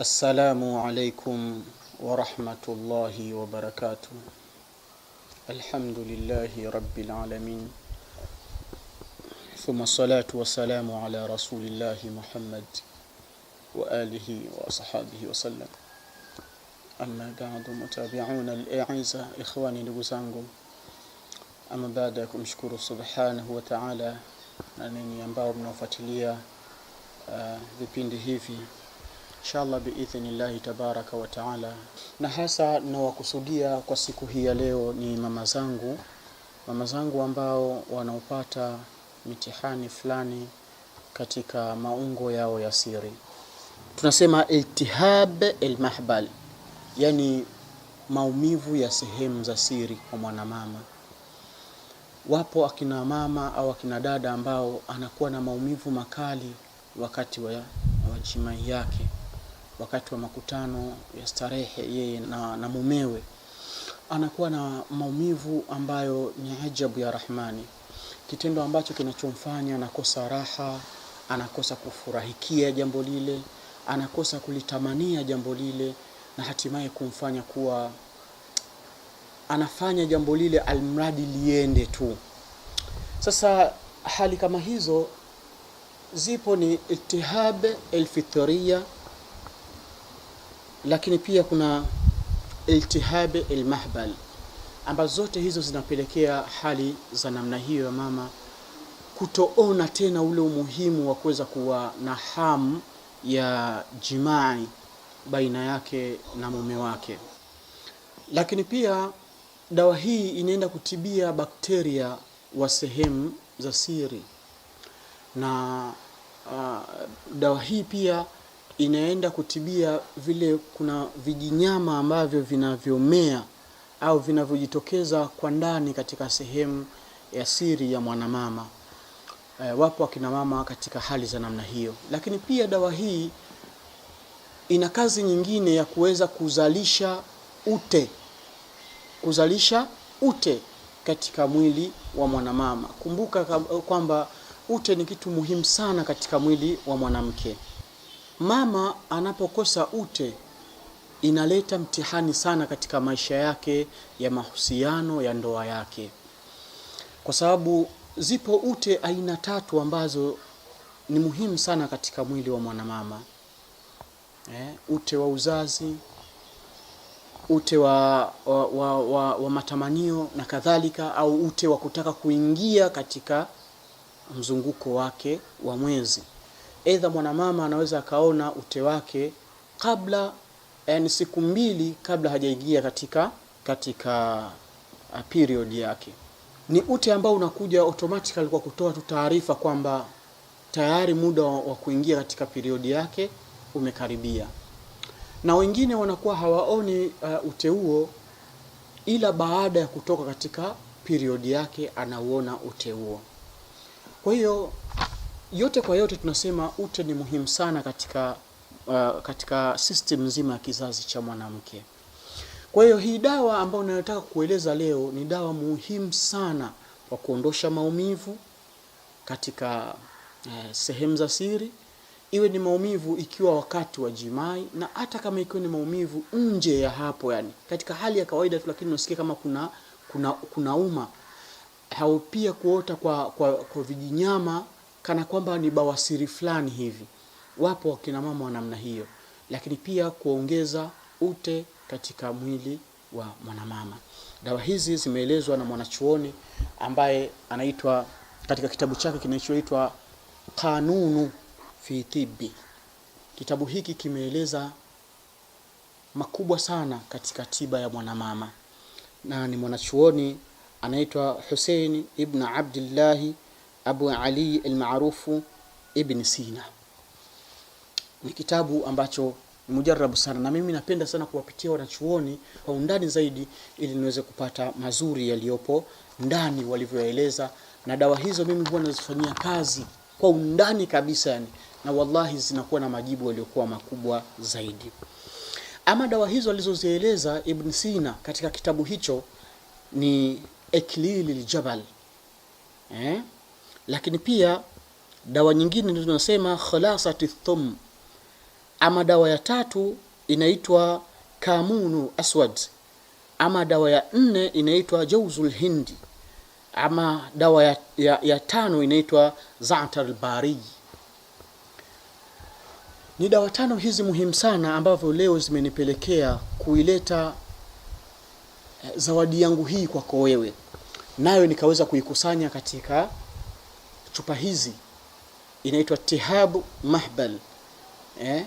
السلام عليكم ورحمة الله وبركاته الحمد لله رب العالمين ثم الصلاة والسلام على رسول الله محمد وآله وصحابه وسلم أما بعد متابعون الأعزاء إخواني لغزانكم أما بعدكم شكر سبحانه وتعالى أنني na ninyi ambao mnaofuatilia uh, vipindi inshallah biidhnillahi tabaraka wa taala. Na hasa nawakusudia kwa siku hii ya leo ni mama zangu, mama zangu ambao wanaopata mitihani fulani katika maungo yao ya siri, tunasema iltihab almahbal, yani maumivu ya sehemu za siri kwa mwanamama. Wapo akina mama au akina dada ambao anakuwa na maumivu makali wakati wa, wa jimai yake wakati wa makutano ya starehe yeye na, na mumewe anakuwa na maumivu ambayo ni ajabu ya Rahmani, kitendo ambacho kinachomfanya anakosa raha, anakosa kufurahikia jambo lile, anakosa kulitamania jambo lile, na hatimaye kumfanya kuwa anafanya jambo lile almradi liende tu. Sasa hali kama hizo zipo, ni iltihab alfitria lakini pia kuna iltihabi almahbal, ambazo zote hizo zinapelekea hali za namna hiyo ya mama kutoona tena ule umuhimu wa kuweza kuwa na hamu ya jimai baina yake na mume wake. Lakini pia dawa hii inaenda kutibia bakteria wa sehemu za siri na uh, dawa hii pia inaenda kutibia vile kuna vijinyama ambavyo vinavyomea au vinavyojitokeza kwa ndani katika sehemu ya siri ya mwanamama. E, wapo mama katika hali za namna hiyo, lakini pia dawa hii ina kazi nyingine ya kuweza kuzalisha ute, kuzalisha ute katika mwili wa mwanamama. Kumbuka kwamba ute ni kitu muhimu sana katika mwili wa mwanamke mama anapokosa ute inaleta mtihani sana katika maisha yake ya mahusiano ya ndoa yake, kwa sababu zipo ute aina tatu ambazo ni muhimu sana katika mwili wa mwanamama eh, ute wa uzazi, ute wa, wa, wa, wa, wa matamanio na kadhalika, au ute wa kutaka kuingia katika mzunguko wake wa mwezi. Aidha, mwanamama anaweza akaona ute wake kabla, yani siku mbili kabla hajaingia katika katika uh, period yake. Ni ute ambao unakuja automatically kwa kutoa tu taarifa kwamba tayari muda wa kuingia katika periodi yake umekaribia, na wengine wanakuwa hawaoni uh, ute huo ila baada ya kutoka katika periodi yake anauona ute huo. Kwa hiyo yote kwa yote tunasema ute ni muhimu sana katika, uh, katika system nzima ya kizazi cha mwanamke. Kwa hiyo hii dawa ambayo ninayotaka kueleza leo ni dawa muhimu sana kwa kuondosha maumivu katika uh, sehemu za siri, iwe ni maumivu ikiwa wakati wa jimai na hata kama ikiwa ni maumivu nje ya hapo, yani katika hali ya kawaida tu, lakini unasikia kama kuna kuna kuna uma au pia kuota kwa, kwa, kwa vijinyama kana kwamba ni bawasiri fulani hivi. Wapo wakina mama wa namna hiyo, lakini pia kuongeza ute katika mwili wa mwanamama. Dawa hizi zimeelezwa na mwanachuoni ambaye anaitwa katika kitabu chake kinachoitwa Kanunu fi Tibbi. Kitabu hiki kimeeleza makubwa sana katika tiba ya mwanamama, na ni mwanachuoni anaitwa Hussein ibn Abdillahi Abu Ali almarufu Ibn Sina. Ni kitabu ambacho ni mujarabu sana, na mimi napenda sana kuwapitia wanachuoni kwa undani zaidi, ili niweze kupata mazuri yaliyopo ndani walivyoeleza, na dawa hizo mimi huwa nazifanyia kazi kwa undani kabisa yani, na wallahi zinakuwa na majibu yaliyokuwa makubwa zaidi. Ama dawa hizo alizozieleza Ibn Sina katika kitabu hicho ni Iklilil Jabal eh? Lakini pia dawa nyingine ndio tunasema khalasati thum, ama dawa ya tatu inaitwa kamunu aswad, ama dawa ya nne inaitwa jauzul hindi, ama dawa ya, ya, ya tano inaitwa zaatar bari. Ni dawa tano hizi muhimu sana ambavyo leo zimenipelekea kuileta eh, zawadi yangu hii kwako wewe, nayo nikaweza kuikusanya katika chupa hizi inaitwa tihabu mahbal eh,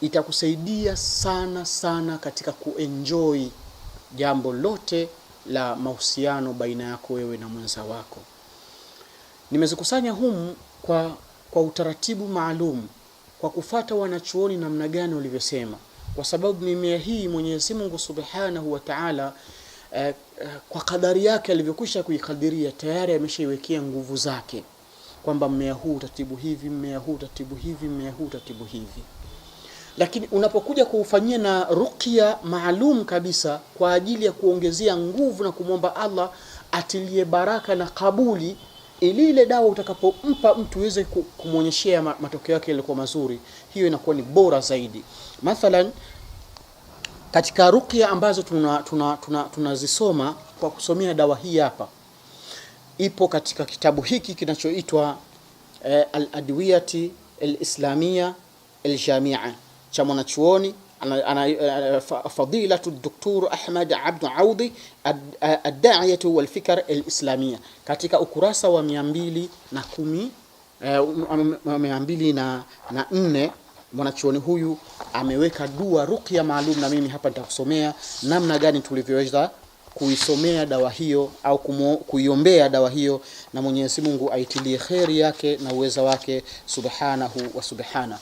itakusaidia sana sana katika kuenjoy jambo lote la mahusiano baina yako wewe na mwenza wako. Nimezikusanya humu kwa, kwa utaratibu maalum kwa kufata wanachuoni namna gani walivyosema, kwa sababu mimea hii Mwenyezi Mungu Subhanahu wa Ta'ala eh, eh, kwa kadari yake alivyokwisha kuikadiria tayari ameshaiwekea nguvu zake kwamba mmea huu utatibu hivi, mmea huu utatibu hivi, mmea huu utatibu hivi. Lakini unapokuja kuufanyia na rukia maalum kabisa kwa ajili ya kuongezea nguvu na kumwomba Allah atilie baraka na kabuli, ili ile dawa utakapompa mtu uweze kumwonyeshea matokeo yake yalikuwa mazuri, hiyo inakuwa ni bora zaidi. Mathalan, katika rukia ambazo tunazisoma tuna, tuna, tuna kwa kusomea dawa hii hapa ipo katika kitabu hiki kinachoitwa eh, Al-Adwiyati Al-Islamia Al-Jamia cha mwanachuoni eh, fadilatu Dr. Ahmad Abdu Audi eh, Ad-Da'iyatu wal Fikr al-Islamia katika ukurasa wa 210 204 eh, um, um, mwanachuoni huyu ameweka dua ruqya maalum, na mimi hapa nitakusomea namna gani tulivyoweza kuisomea dawa hiyo au kuiombea dawa hiyo, na Mwenyezi Mungu aitilie kheri yake na uweza wake subhanahu wa subhana.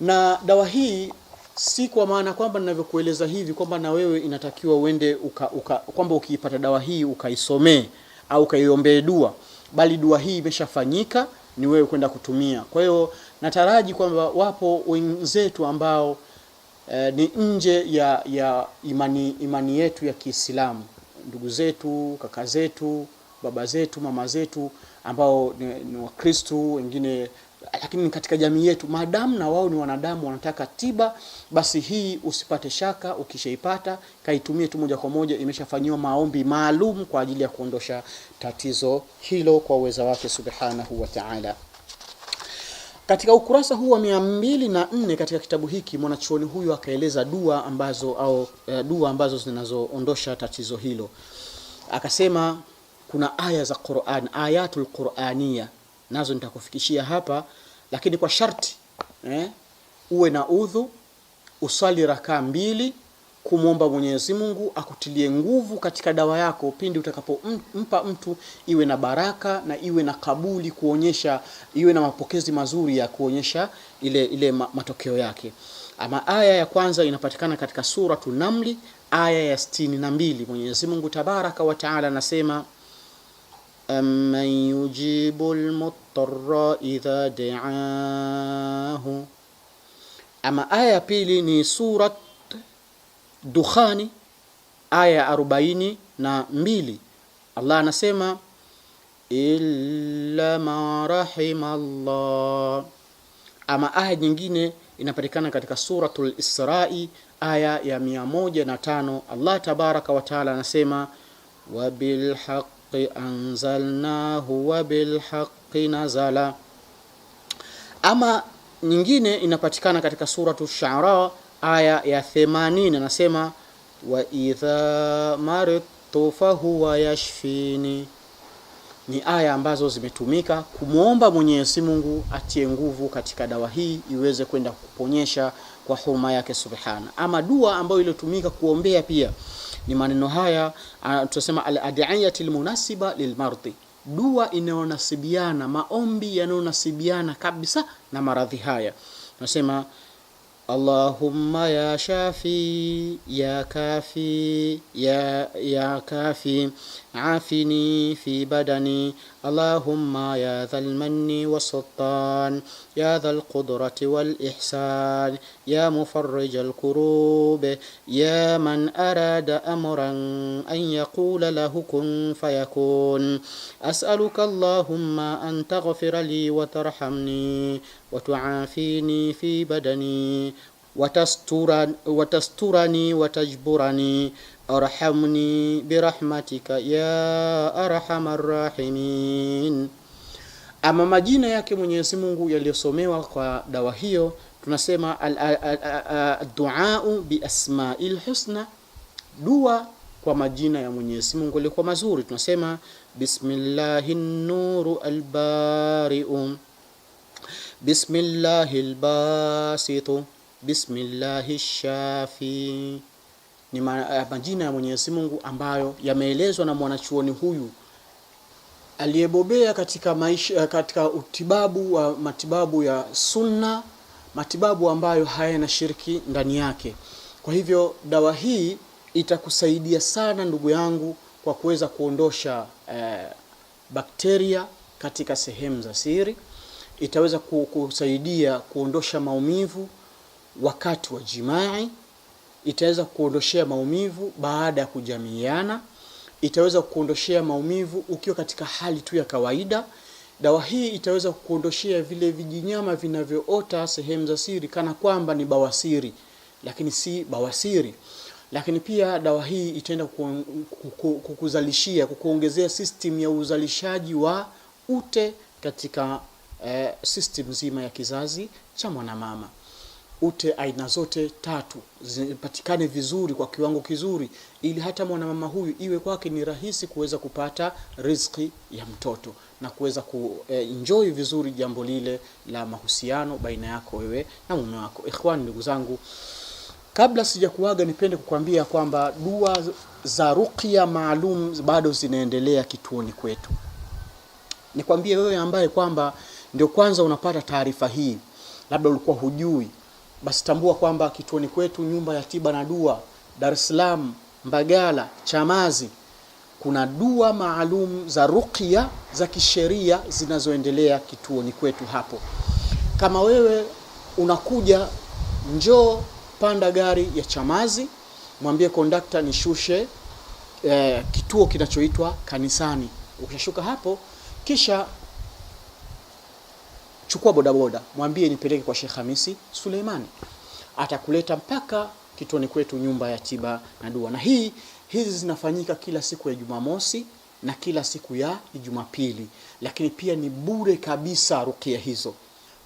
Na dawa hii si kwa maana kwamba ninavyokueleza hivi kwamba na wewe inatakiwa uende uka, uka, kwamba ukiipata dawa hii ukaisomee au ukaiombee dua, bali dua hii imeshafanyika, ni wewe kwenda kutumia. Kwa hiyo nataraji kwamba wapo wenzetu ambao Eh, ni nje ya, ya imani, imani yetu ya Kiislamu. Ndugu zetu, kaka zetu, baba zetu, mama zetu ambao ni, ni Wakristu wengine lakini katika jamii yetu, maadamu na wao ni wanadamu, wanataka tiba, basi hii usipate shaka. Ukishaipata kaitumie tu moja kwa moja, imeshafanyiwa maombi maalum kwa ajili ya kuondosha tatizo hilo kwa uweza wake subhanahu wa ta'ala. Katika ukurasa huu wa mia mbili na nne katika kitabu hiki mwanachuoni huyu akaeleza dua ambazo au e, dua ambazo zinazoondosha tatizo hilo. Akasema kuna aya za Qur'an, ayatul Qur'aniya, nazo nitakufikishia hapa, lakini kwa sharti eh, uwe na udhu, usali rakaa mbili kumwomba Mwenyezi Mungu akutilie nguvu katika dawa yako pindi utakapompa mtu, iwe na baraka na iwe na kabuli kuonyesha, iwe na mapokezi mazuri ya kuonyesha ile, ile matokeo yake. Ama aya ya kwanza inapatikana katika Suratu Namli aya ya sitini na mbili. Mwenyezi Mungu Tabaraka wa Taala anasema amman yujibu idha daahu. Ama aya ya pili ni surat Dukhani aya arobaini na mbili Allah anasema illa ma Allah. Ama aya nyingine inapatikana katika suratul Israi aya ya mia moja na tano Allah tabaraka wa taala anasema wabil haqqi anzalnahu wabil haqqi nazala. Ama nyingine inapatikana katika suratu Shuara aya ya 80 anasema wa idha maridtu fahuwa yashfini. Ni aya ambazo zimetumika kumwomba Mwenyezi Mungu atie nguvu katika dawa hii iweze kwenda kuponyesha kwa huruma yake subhana. Ama dua ambayo iliyotumika kuombea pia ni maneno haya, tunasema al-adiyati lmunasiba lilmardi, dua inayonasibiana, maombi yanayonasibiana kabisa na maradhi haya, tunasema اللهم يا شافي يا كافي يا يا كافي عافني في بدني اللهم يا ذا المن والسلطان يا ذا القدرة والإحسان يا مفرج الكروب يا من أراد أمرا أن يقول له كن فيكون أسألك اللهم أن تغفر لي وترحمني وتعافيني في بدني وتستر وتسترني وتجبرني ارحمني برحمتك يا ارحم الراحمين Ama majina yake Mwenyezi Mungu yaliyosomewa kwa dawa hiyo tunasema bi asmail husna, dua kwa majina ya Mwenyezi Mungu yaliyokuwa mazuri. Tunasema bismillahin nuru albariu bismillahil basitu bismillahish shafi, ni majina ya Mwenyezi Mungu ambayo yameelezwa na mwanachuoni huyu aliyebobea katika maisha, katika utibabu wa matibabu ya sunna, matibabu ambayo hayana shirki ndani yake. Kwa hivyo dawa hii itakusaidia sana ndugu yangu kwa kuweza kuondosha eh, bakteria katika sehemu za siri. Itaweza kusaidia kuondosha maumivu wakati wa jimai, itaweza kuondoshea maumivu baada ya kujamiiana itaweza kukuondoshea maumivu ukiwa katika hali tu ya kawaida. Dawa hii itaweza kukuondoshea vile vijinyama vinavyoota sehemu za siri kana kwamba ni bawasiri, lakini si bawasiri. Lakini pia dawa hii itaenda kukuzalishia, kukuongezea system ya uzalishaji wa ute katika eh, system nzima ya kizazi cha mwanamama ute aina zote tatu zipatikane vizuri kwa kiwango kizuri, ili hata mwanamama huyu iwe kwake ni rahisi kuweza kupata riziki ya mtoto na kuweza kuenjoy eh, vizuri jambo lile la mahusiano baina yako wewe na mume wako. Ikhwani, ndugu zangu, kabla sijakuaga, nipende kukwambia kwamba dua za ruqya maalum bado zinaendelea kituoni kwetu. Nikwambie wewe ambaye kwamba ndio kwanza unapata taarifa hii, labda ulikuwa hujui basi tambua kwamba kituoni kwetu nyumba ya tiba na dua Dar es Salaam, Mbagala, Chamazi kuna dua maalum za ruqya za kisheria zinazoendelea kituoni kwetu hapo. Kama wewe unakuja, njoo panda gari ya Chamazi, mwambie kondakta nishushe eh, kituo kinachoitwa kanisani. Ukishashuka hapo kisha chukua bodaboda, mwambie nipeleke kwa Sheikh Hamisi Suleimani, atakuleta mpaka kituoni kwetu, nyumba ya tiba na dua. Na hii hizi zinafanyika kila siku ya Jumamosi na kila siku ya Jumapili, lakini pia ni bure kabisa rukia hizo.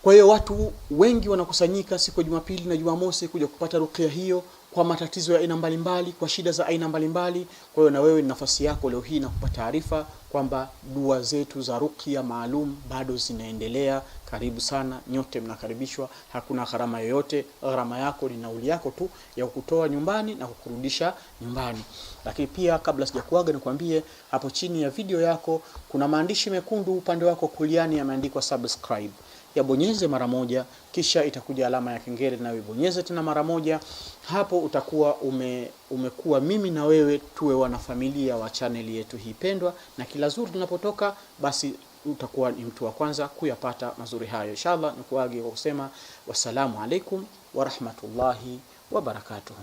Kwa hiyo watu wengi wanakusanyika siku ya Jumapili na Jumamosi kuja kupata rukia hiyo kwa matatizo ya aina mbalimbali, kwa shida za aina mbalimbali. Kwa hiyo na wewe ni nafasi yako leo hii na taarifa kwamba dua zetu za rukia maalum bado zinaendelea. Karibu sana nyote, mnakaribishwa. Hakuna gharama yoyote, gharama yako ni nauli yako tu ya kutoa nyumbani na kukurudisha nyumbani. Lakini pia kabla sijakuaga, nikwambie hapo chini ya video yako kuna maandishi mekundu upande wako kuliani, yameandikwa subscribe yabonyeze mara moja, kisha itakuja alama ya kengele nayo ibonyeze tena mara moja. Hapo utakuwa ume, umekuwa mimi na wewe tuwe wanafamilia wa chaneli yetu hii pendwa, na kila zuri tunapotoka basi utakuwa ni mtu wa kwanza kuyapata mazuri hayo. Inshallah nikuage kwa kusema wassalamu alaikum warahmatullahi wabarakatuhu.